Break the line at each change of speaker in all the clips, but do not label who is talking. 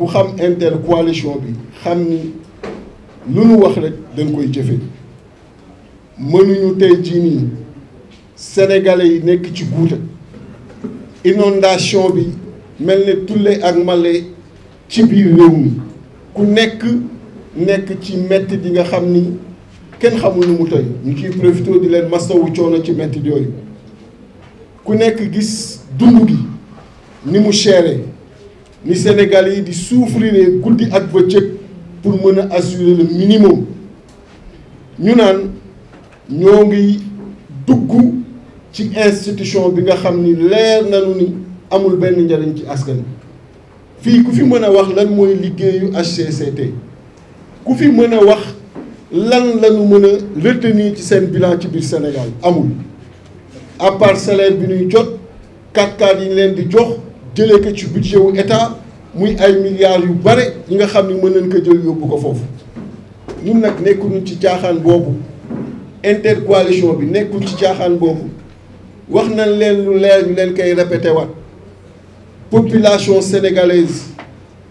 ku xam intercoalition bi xam ni lu nu wax rek dañ koy jëfe mënuñu tey jii nii sénégalais yi nekk ci guuta inondation bi mel ne tulle ak male ci biir réew mi ku nekk nekk ci metti di nga xam ni kenn xamul nu mu tey ñu ciy profité di leen masawu coono ci metti yooyu ku nekk gis dund gi ni mu chéré ni Sénégalais yi di souffrir goudi ak bëccëg pour mën assurer le minimum ñu naan ñoo ngi dugg ci institution bi nga xam ni leer nañu ni amul benn njariñ ci askan fii ku fi mën a wax lan mooy liggéeyu HCCT ku fi mën wax lan lañu mën a retenir ci seen bilan ci biir Sénégal amul à part salaire bi ñuy jot 4 yi ñu leen di jox jëlee ko ci budget wu état muy ay milliards yu bare yi nga xam ni mën nañ ko jël yóbbu ko foofu ñun nag nekkuñu ci caaxaan boobu intercoalition bi nekkul ci caaxaan boobu wax nañ leen lu leer ñu leen koy répété waat population sénégalaise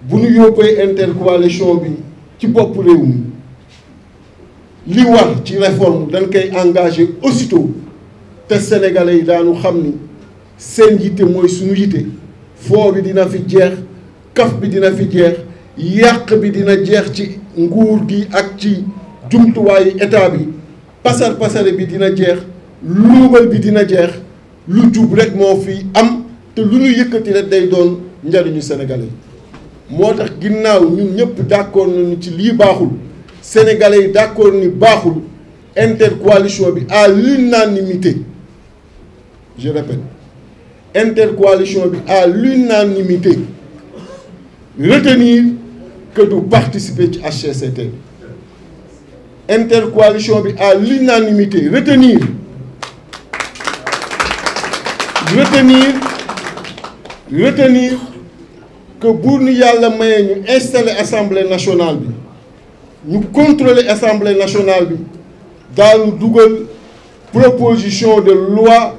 bu ñu yóbbee intercoalition bi ci bopp réew mi li war ci réforme dañ koy engage aussitôt te sénégalais yi daanu xam ni seen yitte mooy suñu yitte. foo bi dina fi jeex kaf bi dina fi jeex yàq bi dina jeex ci nguur gi ak ci jumtuwaayu état bi pasar pasare bi dina jeex luubal bi dina jeex lu jub rek mo fi am te lu ñu yëkëti rek day doon njariñu sénégalais motax ginnaw ñun ñëpp d'accord nañu ci li baxul sénégalais d'accord ni baxul intercoalition bi à l'unanimité je répète intercoalition à l'unanimité retenir que nous participer à CCT. intercoalition à l'unanimité retenir retenir retenir que pour nous y installer nationale nous contrôlons contrôler nationale dans une proposition de loi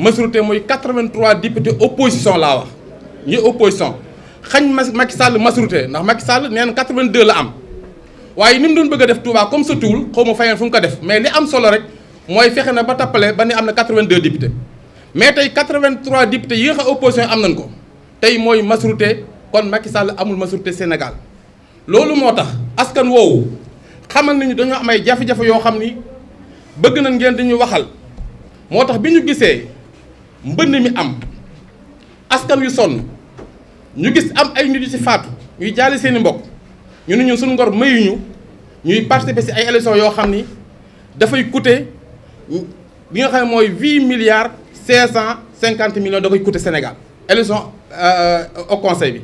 majorité moy 83 députés opposition la wax ñi opposition xagn Macky Sall majorité ndax Macky Sall nee 82 la am waye nim doon bëgg def Touba comme ce tuwul xaw ma fayeen fu ko def mais li am solo rek moy fexé na ba tapalé ba ne am na 82 députés mais tay 83 députés yi nga opposition am nañ ko tay moy majorité kon Macky Sall amul majorité Sénégal lolu motax askan woowu xamal nañu dañu am ay jafé jafe yoo xam bëgg nañ ngeen dañuy waxal motax biñu bi mbënn am askan yu sonn ñu gis am ay nit ci ñuy seen mbokk ñu ñuy participer ay milliards millions da koy coûter Sénégal élection euh, au conseil bi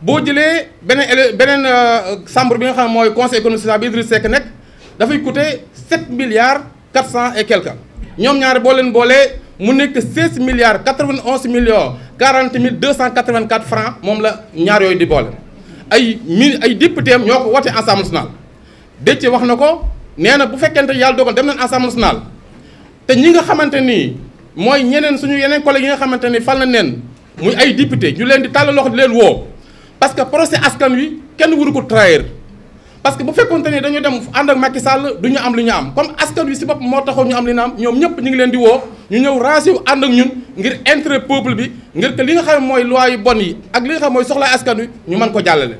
boo jëlee beneen euh, conseil économique bi Idriss Seck nekk milliards 400 et quelque ñoom ñaar boo mu nekk 16 milliards 91 millions 40 284 francs mom la ñaar yoy di bolé ay ay député ñoko ñoo ensemble national assemblée nationale Déthié wax na ko bu fekkenté yàlla dogal dem nañ ensemble national té ñi nga xamanténi moy ñenen suñu yenen collègues yi nga xamanténi fal na neen muy ay député ñu leen di tàllal loxo di leen wo parce que procès askan wi kenn wuru ko trahir parce que bu fekkonté dañu dem and ak Macky Sall duñu am lu ñu am comme askan wi ci bop mo taxoon ñu am li ñam ñom ñoom ñi ngi leen di wo ñu ñëw rancé wu ànd ak ñun ngir intérêt peuple bi ngir que li nga xam mooy loi yu bon yi ak li nga xam mooy soxla askan wi ñu mën ko jàllale.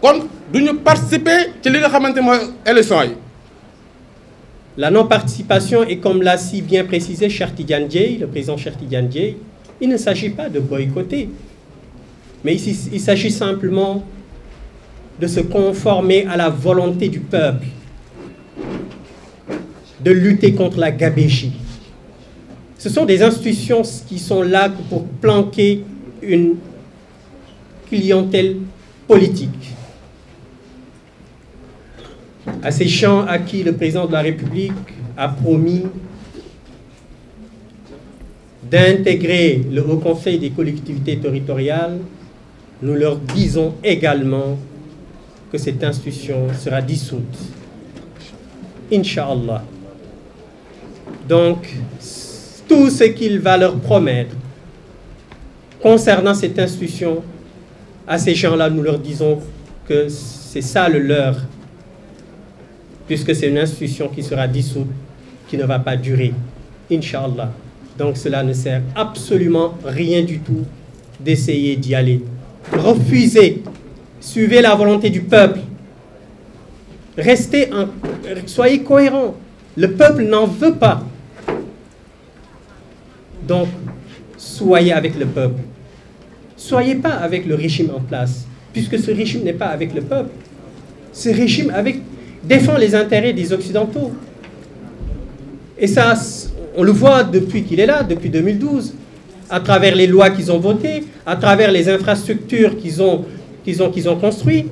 kon duñu
participer ci li nga xamante mooy élection yi. La non-participation est comme l'a si bien précisé Cheikh Tidiane le président Cheikh Tidiane il ne s'agit pas de boycotter, mais il s'agit simplement de se conformer à la volonté du peuple, de lutter contre la gabégie. Ce sont des institutions qui sont là pour planquer une clientèle politique. À ces champs à qui le président de la République a promis d'intégrer le Haut Conseil des collectivités territoriales, nous leur disons également que cette institution sera dissoute. Inch'Allah. Donc, tout ce qu'il va leur promettre. Concernant cette institution, à ces gens-là, nous leur disons que c'est ça le leur, puisque c'est une institution qui sera dissoute, qui ne va pas durer, Inch'Allah. Donc cela ne sert absolument rien du tout d'essayer d'y aller. Refusez, suivez la volonté du peuple. Restez en, soyez cohérents. Le peuple n'en veut pas. Donc, soyez avec le peuple. Soyez pas avec le régime en place, puisque ce régime n'est pas avec le peuple. Ce régime défend les intérêts des Occidentaux. Et ça, on le voit depuis qu'il est là, depuis 2012, à travers les lois qu'ils ont votées, à travers les infrastructures qu'ils ont, construites,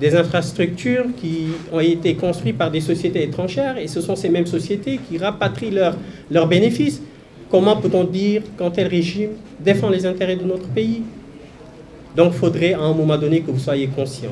des infrastructures qui ont été construites par des sociétés étrangères, et ce sont ces mêmes sociétés qui rapatrient leurs bénéfices. Comment peut-on dire qu'un tel régime défend les intérêts de notre pays Donc, il faudrait à un moment donné que vous soyez conscient.